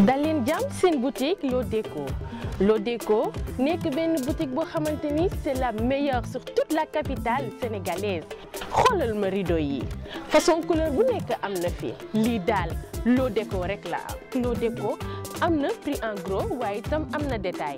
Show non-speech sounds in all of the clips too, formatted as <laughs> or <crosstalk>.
dal leen jàmm seen boutique Lodeco Lodeco nekk une boutique boo xamante c'est la meilleure sur toute la capitale sénégalaise xoolal le rideau yi façon couleur bu n'êtes am na fi lii Lo Lodeco rek la Lo Lodeco am prix en gros waaye itam détail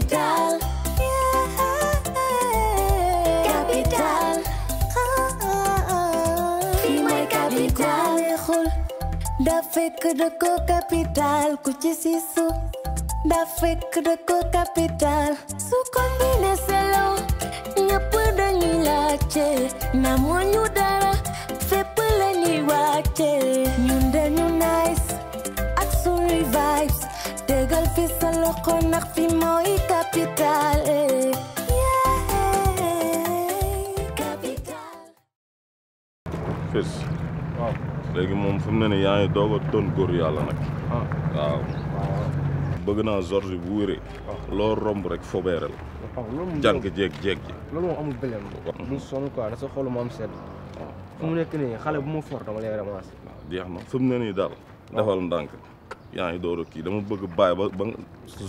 Capital. Yeah. Capital. fii mooy capital. neexul. da fekk dëkk capital kuchisisu. ci siisu. da fekk capital. su kombine selaw. ñëpp dañuy laajte. na moo ñu dara. fépp la ñuy wàcce. dugal fi sa loxo ndax fi mooy eh. capital fis waaw léegi moom fu mu yaa ngi doog a doon góor yàlla nag ah. bëgg naa George bu wéree ah. loo romb rek fobeeral ah, jànk jeeg jeeg ji loolu moo amul bëlem bu sonn quoi da sa xolu mu am sedd fu mu nekk nii xale bu mu for dama lay ramasser jeex na fu mu ne nii daal defal ndànk yaa ngi door kii dama bëgg bàyyi ba ba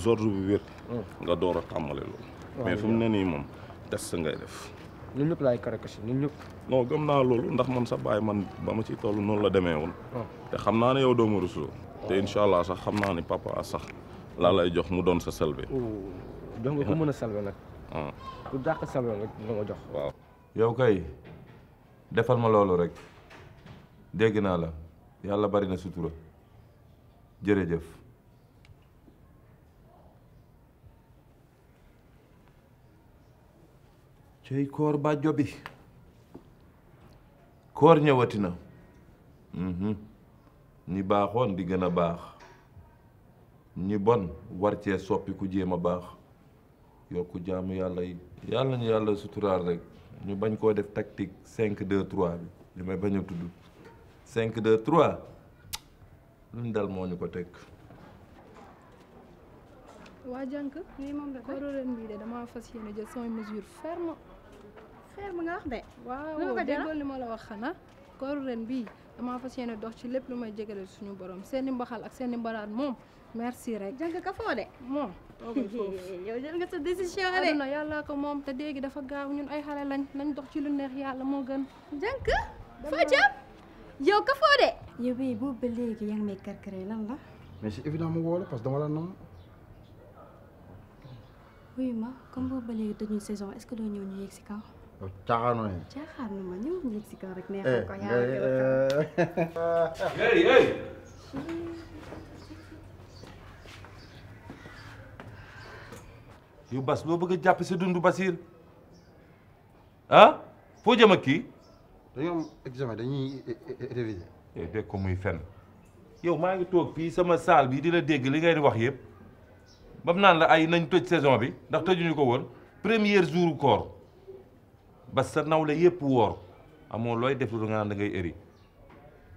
Georges bi wér. Mm. nga door a tàmbale loolu. mais fu mu ne nii moom test ngay def. ñun ñëpp laay karakashi ñun ñëpp. non gëm naa loolu ndax man sa bàyyi man ba mu ci toll noonu la demee woon. Oh. te xam naa ne yow doomu ma oh. te incha allah sax xam naa ne papa sax laa lay jox mu doon sa selbe. <laughs> Ah. jox nga ko mën a selbe nag. ku dàq selbe rek nga ma jox. waaw yow kay defal ma loolu rek dégg naa la yàlla bari na sutura. jërëjëf cey koor bàjjo bi koor ñëwati na ñi mhm. baaxoon di gën a baax ñi bon war cee soppi ku jéem a baax yokk jaamu yàlla yi yàlla ñu yàlla suturaal rek ñu bañ koo def tactique cinq deux trois bi li may bañ a tudd cinq deux trois lu ñu dal moo ñu ko teg. waa jànk nii moom la kóoróo ren bii de damaa fas yéene jël samay mesure ferme. ferme nga wax de. waaw déggoo li ma la wax xanaa. kóoróo ren bii damaa fas yéene dox ci lépp lu may jegale suñu borom seen i mbaxal ak seeni i mbaraat moom merci rek. jànk ka foo moom toogul foofu <laughs> yow jël nga sa décision rek. aduna yàllaa ko moom te déegi dafa gaaw ñun ay xale lañ nañ dox ci lu neex yàlla moo gën. jànk foo jàpp. yow ka foo de yow bi bu ba léegi yaa ngi may karkaree lan la mais c'est évident mu woo parce que dama la nam oui ma comme boobu ba léegi dañuy saison est-ce que doo ñëw ñu yegg si kaw caaxaanu yi. caaxaanu ma ñëw ñu yegg si kaw rek neexal ko yaa hey hey yow bas loo bëgg a jàpp sa dund Basir ah foo jëm ak kii dañoo am examen dañuy réviser. Eh, dégg ko muy fenn yow maa ngi toog fii sama saal bi di la dégg li ngay di wax yëpp bam naan la ay nañ tëj saison bi ndax tëjuñu ko woon première jour koor ba sa nawle yëpp woor amoo looy def lu nga da ngay ëri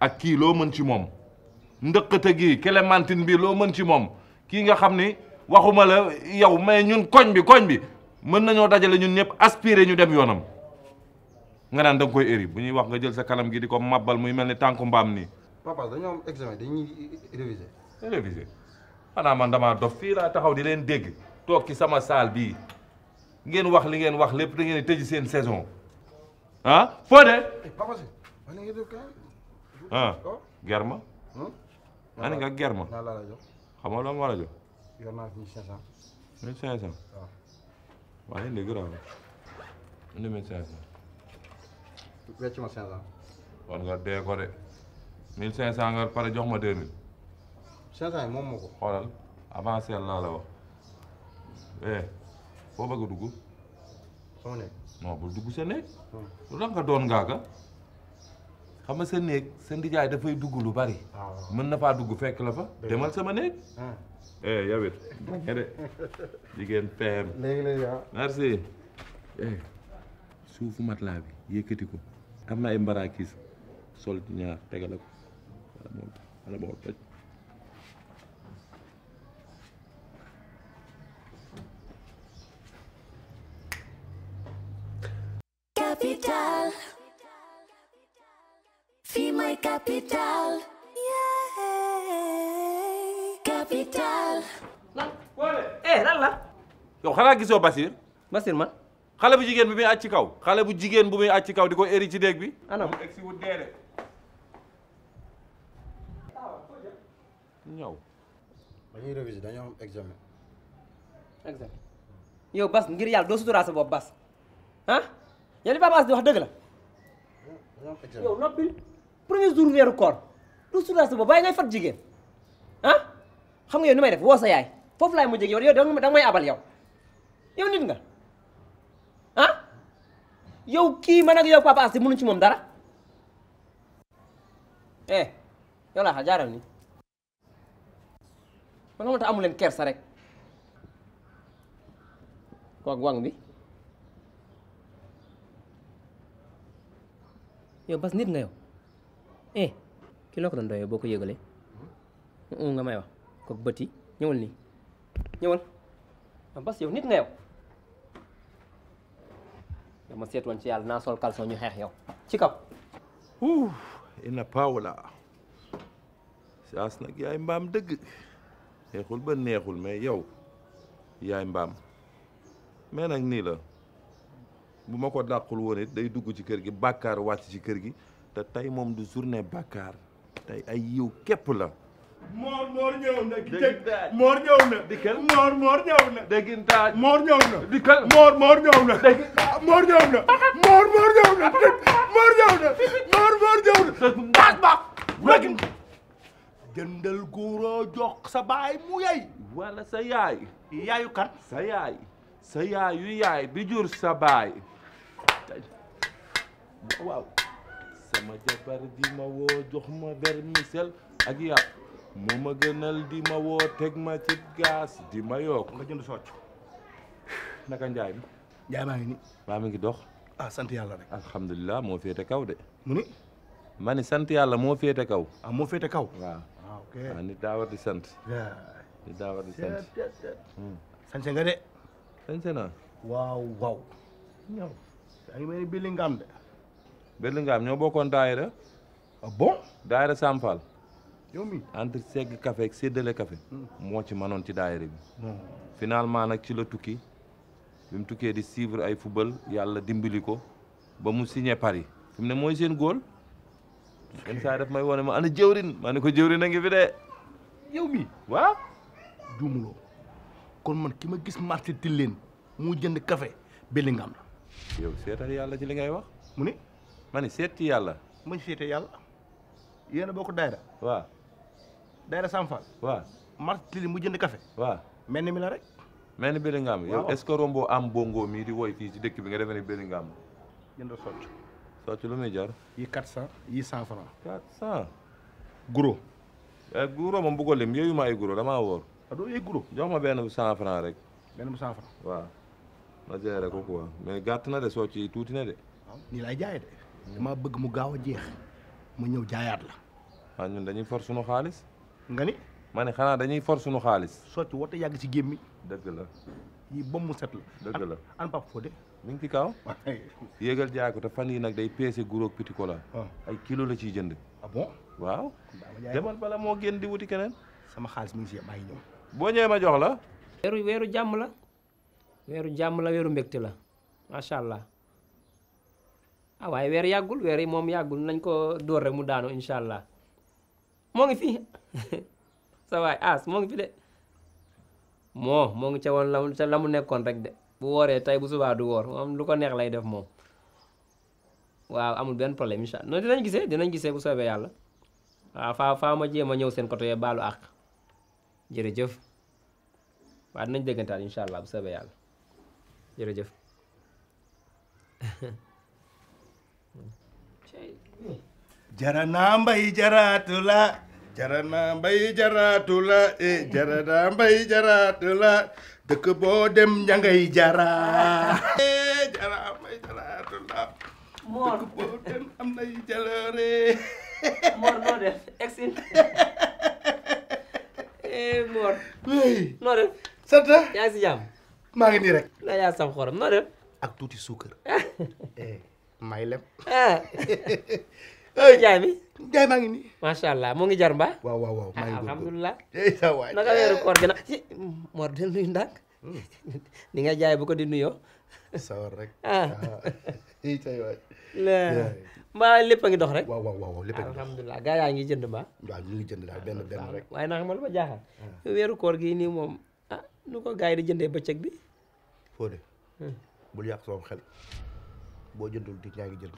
ak kii loo mën ci moom ndëqate gi Clémentine bi loo mën ci moom kii nga xam ni waxuma la yow mais ñun koñ bi koñ bi mën nañoo dajale ñun ñëpp aspirer ñu dem yoonam. nga naan da nga bu ñuy wax nga jël sa kanam gi di ko mabbal muy mel ni tànku mbaam nii. papa dañoo am examen dañuy réviser. réviser xanaa man damaa dof fii laa taxaw di leen dégg toog ci sama saal bii ngeen wax li ngeen wax lépp da ngeen tëj seen saison ah foo eh, nga def ah oh. germa. Hmm? ma ne germa. naa la la jox xam nga loo war a jox. yor naa fi 1500. 1500 waaw. wecc ma 500. kon nga dee ko de 1500 nga pare jox ma 2000. 500 yi moom ko. xoolal avancé laa la wax. eh foo bëgg a dugg. sama néeg. bul dugg sa néeg. lu tax doon ngaaga. xam nga sa néeg sa ndijaay dafay dugg lu bari. Ah, mën na faa dugg fekk la fa. demal sama néeg. Ah. eh yow it bañ <laughs> jigéen PM. léegi léegi ah. merci. eh suufu matelas bi yëkkati ko. amna ay mbarakis sol ñaar tegale ko wala mo wala bo tej capital fii my capital capital lan eh lan la yow xanaa gisoo Basir Basir man kalau bu jigen bi muy àcc kaw xale bu jigen bu muy àcc kaw di ko eri ci bi. anam ah, bu egsi wut dee de. ñëw. ba ñuy réviser dañoo am examen. examen yow Bas ngir yàlla doo suturaa sa Bas ah yali li Papa As di wax dëgg la. yow noppi premier jour weeru koor doo suturaa sa bopp bàyyi ngay fat jigéen ah xam nga yow ni may def woo sa yaay foofu laay mujjee yow yow danga may abal yow yow nit nga. ah yow kii man ak yow papa as mënu ci moom dara eh yow laa xa jaaral ni man nga tax amu leen kersa rek wag wang bi yow bas nit nga yow eh ki loo ko doon doyee boo ko yëgalee nga may wax ko bëti ñëwal nii ñëwal bas yow nit nga yow dama seet woon ci yàlla naa sol caleçon ñu xeex yow ci kaw. wuu ina paaw laa saas nag yaay mbaam dëgg neexul ba neexul mais yow yaay mbaam mais nag nii la bu ma ko dàqul woon day dugg ci kër gi bàkkaar wàcc ci kër gi te tey moom du journée bàkkaar tey ay yiw képp la. moor moor ñëw na. dégg naa moor ñëw na. dikkal moor moor ñëw na. dégg naa moor ñëw na. dikkal moor moor ñëw na. dégg naa moor ñëw na. moor moor ñëw na. moor ñëw na. moor moor ñëw na. baas ba. dégg jëndal góoroo jox sa baay mu yey. wala sa yaay. yaayu kan. sa yaay. sa yaayu yaay bi jur sa baay. waaw. sama jabar di ma woo jox ma vermicelle ak yàpp. mu ma gënal di ma woo teg ma ci gaas di ma yokk nga jënd socc naka njaay mi njaay maa ngi ni maa mi ngi dox ah sant yàlla rek alhamdulilah moo féete kaw de mu ni ma ni sant yàlla moo féete kaw ah moo féete kaw waaw waaw ah, nit daa di sant nit hmm. de sañse waaw waaw ñëw yaa ngi de Bellingham ñoo bokkoon daayira ah bon daayira yow mi entre segg café ak séddale café hmm. moo ci mënoon ci daayira bi hmm. finalement nag ci la tukki bi mu di suivre ay football yàlla dimbali ko ba mu signé Paris fi mu ne mooy seen góol yenn may wane ma ana jëwrin ma ne ko jëwrin a ngi fi de yow mi waaw kon man ki gis marché Tilène mu jënd café Bellingham la yow seetal yàlla ci li ngay wax mu ne ma ne seet ci yàlla mañ seete daayira Daara Samfal. waaw Martili mu jënd café. waaw mel ni mi la ni Bellingham yow est-ce que rombo am bongo mii di woy fii ci dëkk bi nga demee ni Bellingham. jënd socc. socc lu muy jar. yi 400 yi 100 francs. 400. guro. guro moom bu ko lim yooyu ma guro damaa wóor. ah doo guro. jox benn bu 100 rek. benn bu 100 francs. ma géré ko quoi mais gàtt na de socc yi tuuti na de. waaw nii laay de. damaa bëgg mu gaaw a jeex mu ñëw jaayaat la. ah ñun dañuy for sunu xaalis. nga ni ma ne dañuy for suñu xaaliss soti wota yag ci gemmi deug la yi ba set la deug la an pap fodé mi ngi kaw yegal jaay te fan yi nak day peese petit cola ah. ay kilo la ci jënd ah bon waaw demal bala mo génn di wuti kenen sama xaaliss mi ngi si maa ngi ñëw boo ma jox la weeru weeru jamm la weeru jamm la weeru mbekté la macha allah ah way weer yagul weer yi moom nañ ko dóor mu daanu inshallah moo ngi fii <laughs> sa waay as moo ngi fi de moo moo ngi ca woon la ca la mu nekkoon rek de bu wooree tey bu subaa du woor moom lu ko neex lay def moom waaw amul benn problème incha allah noonu dinañ gisee dinañ gisee bu soobee yàlla waaw faa ma jéem a ñëw seen côté baalu àq jërëjëf waaw dinañ déggantaan incha allah <laughs> jara naa mbay jaraatu la jarana mbay jaraatu la e jarana mbay jaraatu la dëkk boo dem njangay e moor dëkk am nay jaloore moor noo def exil e moor noo def sant yaa ngi si jàmm maa ngi nii rek la yaa sam xorom def ak tuuti suukar <laughs> eh, may lem ah. <laughs> Hey. Eh, iya, Njaay mi Njaay maa ngi nii. macha allah mu ngi jar mbaa. waaw waaw waaw maa ngi alhamdulilah. <laughs> Iya, naka weeru koor gi nag Mor del nuyu ndànk. Hmm. <laughs> ni nga jaay ya, bu ko di nuyoo. sawar <laughs> ah. iya, rek. ah ii tey waay. mbaa lépp a ngi dox rek. waaw waaw waaw lépp a ngi dox alhamdulilah gaa yaa ngi jënd mbaa. waaw ñu ngi jënd daal benn benn rek. waaye nag ma lu jaaxal. weeru koor gi nii moom ah nu ko gaa di jëndee bëccëg bi. foo de. bul yàq sama xel boo jëndul di ñaa ngi jënd.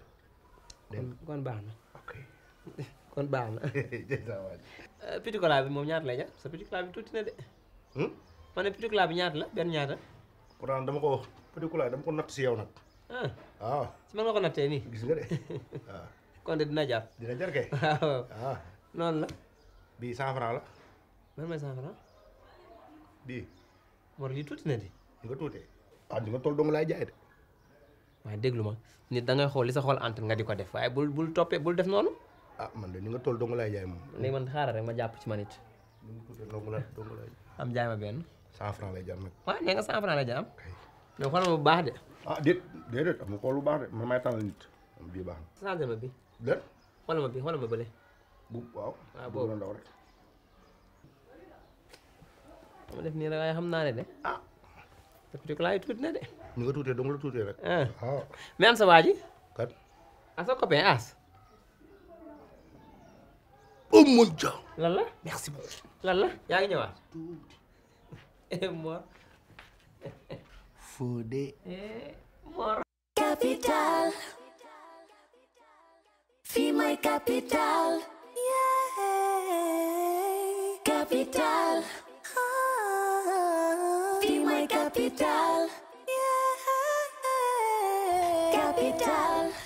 kon baax kon baax na. petit cola bi moom ñaata lay jar sa petit cola bi tuuti na de. ma ne petit cola bi ñaata la benn ñaata. pourtant dama ko petit cola dama ko natt si yow nag. ah waaw si man nga ko nattee nii. gis nga de waaw. kon de dina jar. dina jar kay. waaw waaw. la. bii cent franc la. man na de. nga ah dong laay jaay de. waaye déglu ma nit da ngay xool li sa xool entre nga di ko def waaye bul bul toppee bul def noonu. ah man de ni nga toll dong laay jaay moom. léegi man xaaral rek ma jàpp ci man it. ni mu tuddee dong la dong laay. am jaay ma benn. cent franc lay jar nag. waaw nee nga cent franc lay jar am. mais xoolal ma bu baax de. ah déet déedéet amul xool bu baax de man may tànnal nit. am bii baax na. changé ma bi. déet. xoolal ma bi xoolal ma bële. bu waaw. waaw ah, boobu ndaw rek. ma def nii rek waaye xam naa ne de. ah. depuis que laay tuuti na de. ni nga tuutee dong la tuutee rek. waaw ah. ah. mais am sa waa ji. kat. ah sa copain as. ummul jaw lan la merci beaucoup lan la yaa ngi ñëwaat eh, mor fodé eh, mor capital fii mooy capital yeah. capital fii my capital yeah. capital ah.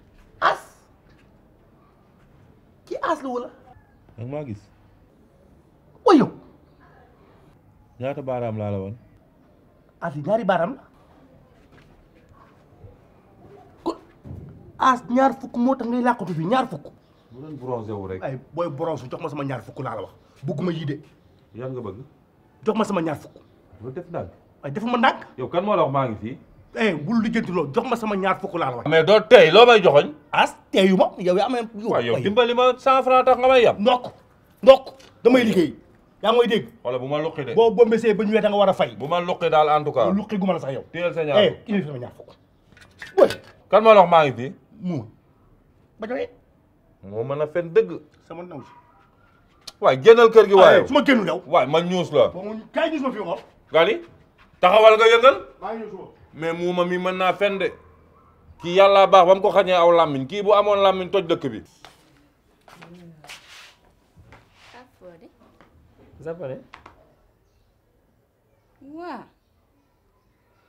aslu la. da maa gis. ooy yow. ñaata baaraam laa la woon. as yi ñaari baaraam la. ko as ñaar fukk moo tax ngay làkkatu fii ñaar fukk. mu doon bronzé wu rek. ay booy bronze jox ma sama ñaar fukk laa la wax bëgguma yii de. yan nga bëgg. jox ma sama ñaar fukk. loolu def ndànk. ay defuma yow kan moo la wax maa ngi fii. eh bul lijjanti loolu jox ma sama ñaar fukk laa la wax. mais doo tey loo may joxoñ. as teyu ma yow yaa amee. waaw yow dimbali ma cent franc tax nga may yam. ndokk ndokk damay liggéey. yaa ngoy dégg. wala bu ma luqi de. boo boo mesee ba ñu wee da nga war a fay. bu luqi daal en tout cas. luqi gu la sax yow. téyel sa ñaar eh indi sama ñaar fukk. kan ma la wax maa ngi fi. mu ba joxe. moo mën fen dëgg. sama ndaw si. waay génnal kër gi waaye. Eh, su ma génnu daw. waay man ñuus la. bon ñuus ma fi waxoon. gali taxawal nga yëngal. maa ñuus mais muuma mi mën naa fen de kii yàlla baax ba mu ko xañee aw làmmiñ kii bu amoon làmmiñ toj dëkk bi zappare waa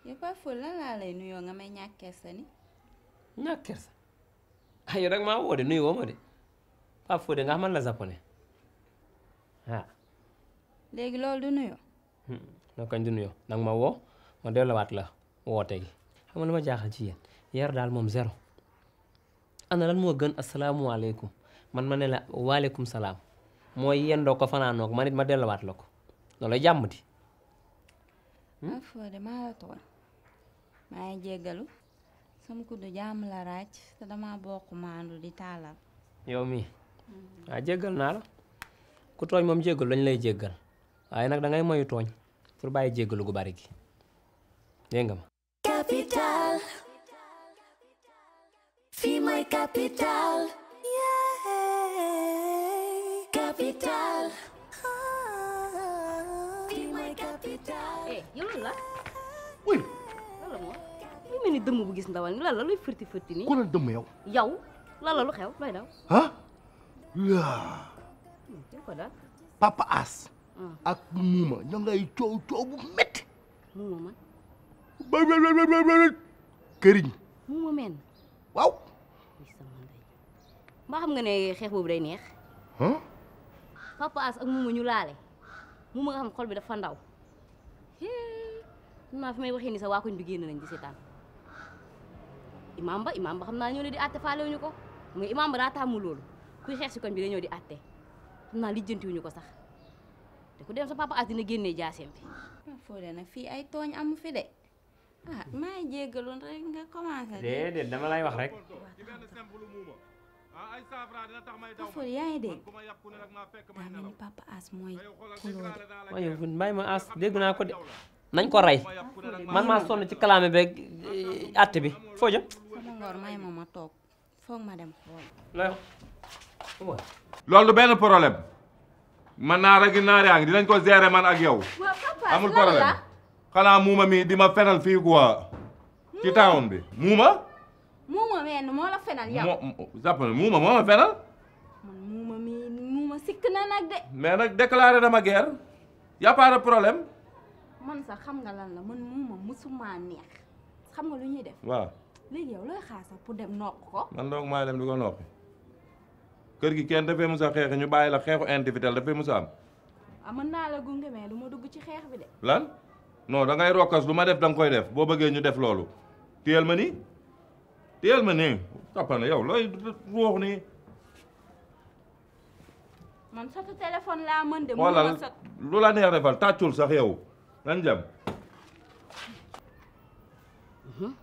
yow Pape Fodé lan laa lay nuyoo nga may ñàkk kersa ni ñàkk kersa ah rek maa woo de nuyu ma de Pape Fodé nga xamal la japonais ah léegi loolu du nuyoo hmm, non kañ du nuyoo nag ma woo ma delluwaat la woote gi xam nga ma jaaxal ci yéen yar daal moom zéro ana lan moo gën asalaamualeykum man ma ne la waaleykum salaam mooy yendoo ko fanaanoo ko man it ma delluwaat la ko loolu jàmm di. maa hmm? foode maa la tooñ maa ngi jéggalu sama kuddu jàmm la ràcc di taalal. yow mii mm-hmm. ah tooñ moom jéggal lañ lay jéggal waaye nag dangay ngay tooñ pour bàyyi jéggalu gu bari gi dégg nga ma. capital. my capital. Yeah. Capital. my capital. Eh, yolo ya lah. Wih. Lalu mau? Ini nih demu bu gis Lalu lalu lala luy furti furti ni. Ko demu ya? Ya. Lalu lalu kau, Bay daw. Hah? Ya. Ko da. Papa As. Hmm. Aku Muma, ñong lay cowok ciow bu metti. Muma këriñ. mu ma meen. waaw. mbaa xam nga ne xeex boobu day neex. papa as ak mu ñu laale mu nga xam xol bi dafa ndaw. naa fi may waxee ni sa waa bi génn nañ di seetaan imaam ba xam naa ñoo ne di àtte faale wuñu ko mu imaam ba daa taamu loolu kuy xeex si koñ bi dañoo di àtte xam naa lijjanti wuñu ko sax te ku dem sa papa as dina génnee jaaseem bi. foo de nag fii ay tooñ am fi de. ah maa ngi jéggaloon rek nga commencé. déedéet dama lay wax rek. Kaffour yaa ngi dégg daa mel ni papa As mooy xuloo de. waaye may ma As dégg naa ko de nañ ko rey man maa sonn ci kalaame beeg àtte eh, bi foo jëm. sama ngoor may ma ma toog foog ma benn problème man naara gi naara yaa ngi dinañ ko gérer man ak amul problème Kala muma mi di ma fenal fi quoi. ci hmm. town bi Muma muuma meen mo la fenal yow. Ya. moo muma muuma la ma fenal. man mi muma sikk na nag de. mais nag déclaré dama guerre y a pas de problème. man sa xam nga lan la man muma musuma neex xam nga lu ñuy def. waaw léegi yow looy xaar sa pour dem nok ko. man donc ma dem di ko kër gi musa xeex ñu bàyyi la individuel dafay musa am. amana ah, la mais du dugg ci bi de. lan. non da ngay rokkas lu ma def da koy def boo bëggee ñu def loolu téyel ma nii téyel ma nii tappane yow looy ruux nii man satu téléphone laa mën de wala lu la neex defal tàccul sax yow lan jam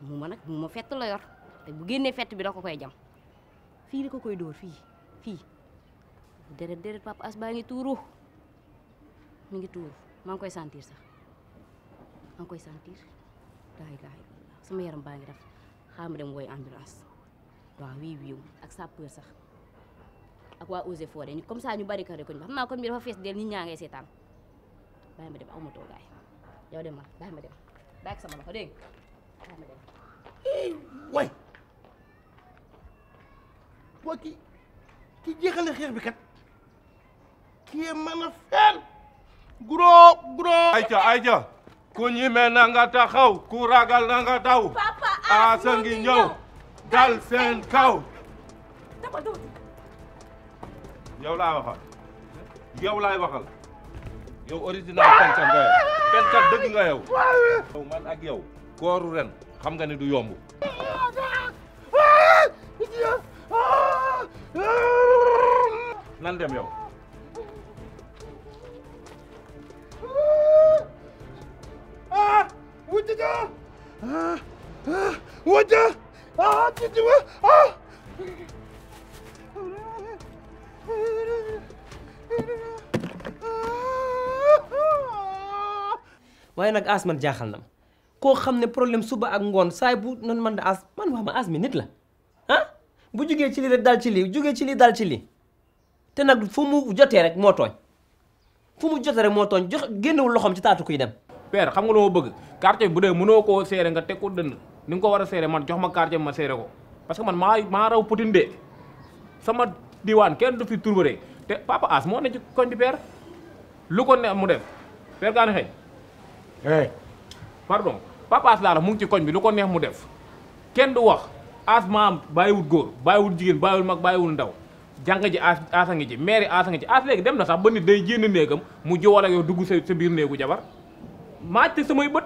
mu ma nag mu bu génnee fett bi da koy jam fii di ko koy dóor fii fii deret deret papa baa ngi tuuru mi ngi tuuru maa ngi koy sentir sax maa koy sentir laa ilaaha illallah sama yaram baa ngi def xaaral dem wooy ambulance wa wi wi ak peur sax ak wa oser et forêt comme ça ñu bari kër ko ñu xam naa kon bi dafa fees del nit ñangay sétan seetaan ma dem aw to gay yow demal bàyyi ma dem bay ak sama loxo dégg bàyyi ma dem. way boo ki ki jeexale kan xex bi kat ki mana fen gro gro ayja ayja ku ñime na nga taxaw ku ragal na nga daw ah, aasa ñëw dal seen kaw yow waxal yow laay waxal yow original fenkat nga dëgg nga yow yow man ak yow kooru xam nga ni du yomb nan dem وجه ah, ah, ah, waaye nag as man jaaxal na koo xam ne problème suba ak ngoon saay bu nan man da as man wax ma as mi nit la ah bu jugee ci lii rek dal ci lii jugee ci lii dal ci lii te nag fu mu jotee rek moo tooñ fu mu jotee rek moo tooñ jox génnewul loxoom ci taatu kuy dem père xam nga lu ma bëgg quartier bi bu dee mënoo koo seere nga teg ko dënd ni nga ko war a seere man jox ma quartier bi ma seere ko parce que man maa maa raw Poutine de sama diwaan kenn du fi turbaree te papa as moo ne ci koñ bi lu ko ne mu def père Gane xëy. Eh. papa as laa mu ngi ci koñ bi lu ko neex mu def kenn du wax as maam bàyyiwul góor bàyyiwul jigéen bàyyiwul mag bàyyiwul ndaw. jàng ji aas aasa nga ci mairie aasa nga ci aas léegi dem na sax ba nit day jénn néegam mu jiwal ak yow dugg sa sa biir néegu jabar maa te samay bët.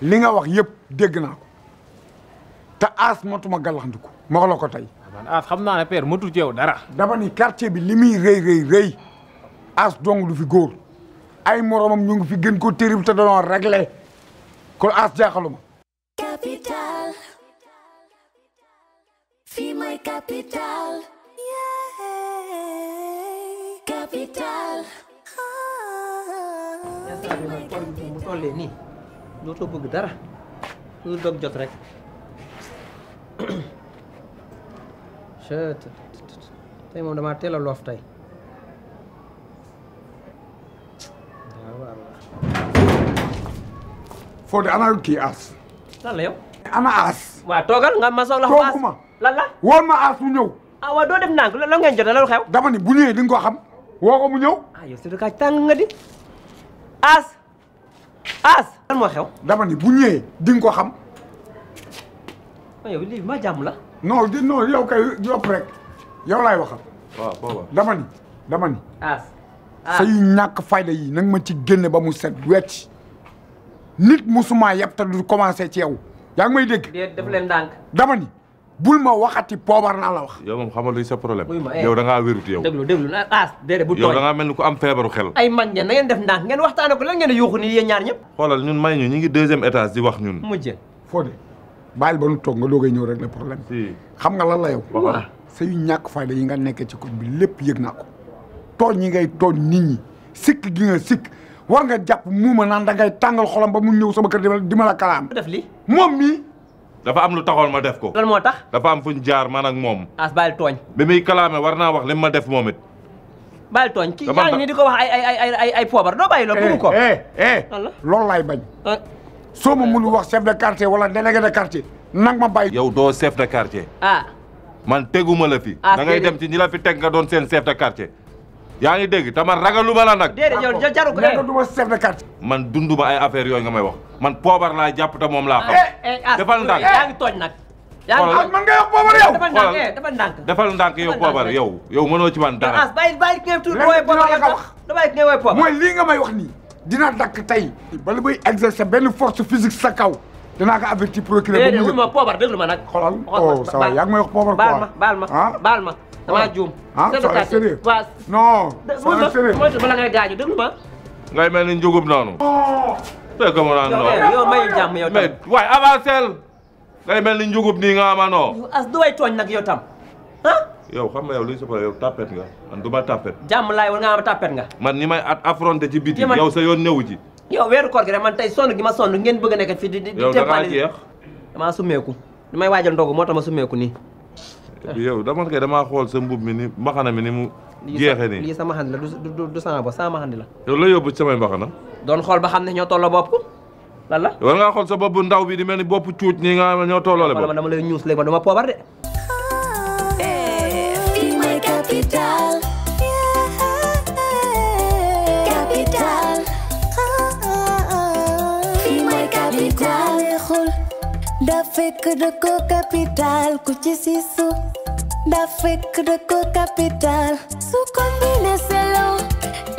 li nga wax yëpp dégg naa ko te aas matuma gàllandiku ma wax la ko tey. Ah, man aas xam naa ne père matul ci dara. dama ni li muy rëy rëy rëy aas dong du fi góor ay moromam ñu ngi fi gën ko terrible te dañoo réglé kon aas jaaxaluma. capital Oleh ini, dootoo bëgg dara lu dog jot rek tey moom damaa teel a loof tey Fodé ana kii la yow. ana aas. waa toogal nga ma soxla. aas tooguma lan la. woon ma aas mu ñëw. ah waa doo def ndànk lan ngeen jot loolu xew. dama ni bu ñëwee as lan moo bu ñëwee di nga ko xam. yow jàmm la. non di non yow kay yopp rek yow laay waxal. waaw ñàkk fayda yi nag ma ci génne ba mu set wecc nit musuma yab te du commencé ci yow yaa ngi may dégg. def leen ndànk dama bul ma waxati pobar na la wax. yow mom xamal luy sa problème. Eh. yow da nga wérut yow. deglu deglu na as ah, dédé bu toy yow da nga melni ku am feebaru xel. ay man ñe na ngeen def ndank ngeen waxtaanee ko lan ngeen yuuxu ñaar ñep xolal ñun may ñu ngi deuxième étage di wax ñun. mujjee Fodé bayil ba nu tok nga dogay ñew rek na problème. si xam nga lan la yow. waaw sa yu ñàkk fayda yi nga nekk ci Sik bi lepp yëg na ko. tooñ ñi ngay tooñ nit ñi sik gi nga sik war nga japp muuma da ngay tangal xolam ba mu ñew sama kër di ma la kalam def li mom mi dafa am lu taxoon ma def ko. lan moo tax. dafa am fu ñu jaar man moom. as bàyyil tooñ. bi muy kalaame war naa wax li ma def moom it. bàyyil tooñ ci yaa ngi di ko wax ay ay ay ay ay poobar doo ko eh eh, eh loolu laay bañ. Ah. soo ma mënul wax chef de quartier wala délégué de quartier nag ma bàyyi. yow doo chef de quartier. ah. man teguma la fi. Ah, da ngay dem ci ñi la fi teg nga doon seen chef de quartier. yaa ngi dégg dama ragaluma la nag. déedéet yow jaru ko nee du ma man dunduma ay affaire yooyu nga may wax man poobar laa jàpp te moom laa xam. Eh, eh, ah, defal ndànk yaa ngi tooñ nag. yaa ngi tooñ ah, man nga yow poobar yow. defal ndànk eh, defal ndànk. defal ndànk yow poobar yow yow mënoo ci man dara. Ah, bàyyi bàyyi ki ngay tuur booy poobar yow tax bàyyi ki ngay woy poobar. mooy lii nga may wax nii dina dakk tey. bala muy exercer benn force sa kaw. danaa ko avertir procureur ba mu. déedéet ma poobar déglu ma nag. xoolal oh ma baal ma damaa juum. ah ça a sérieux waaw. non ça a sérieux moytu bala ngay gaañu déglu un jour. mel ni njugub noonu. fekk mu naan noonu. yow mayu jàmm yow tam mais waaye avancel. ngay mel ni njugub nii nga ama noo. as du way tooñ nag yow tam ah. yow xam nga yow li soxla yow tapet nga man du un jour. jàmm laay war nga am tapet nga. man ni may at affronté ci biti. yow sa yoon newu ci. yow weeru koor gi rek man tey sonn gi ma sonn ngeen bëgg a nekk fii di. di di tempaale yow da ngaa jeex. damaa summeeku li may waajal ndogu moo tax ma summeeku nii. yow dama kay damaa xool sa mbub mi ni mbaxana mi ni mu jeexe nii lii sa mbaxana la du du sama bopp sama mbaxana la yow la yóbbu ci samay mbaxana doon xool ba xam ne ñoo tolloo bopp lan la war ngaa xool sa bopp ndaw bi di mel ni bopp cuuc nii nga ñoo tolloole bopp dama lay ñuus léegi ma dama poobar de Da de cu capital Cu ce sisu Da Da de cu capital Su combine să lau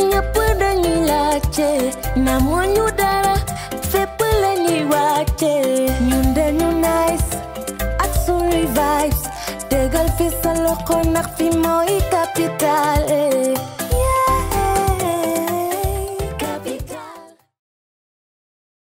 Nya până ni la ce Na mo dara Fe până ni Nu Nyunda nyu nice Atsu revives te fi să loc Conac fi moi capital eh.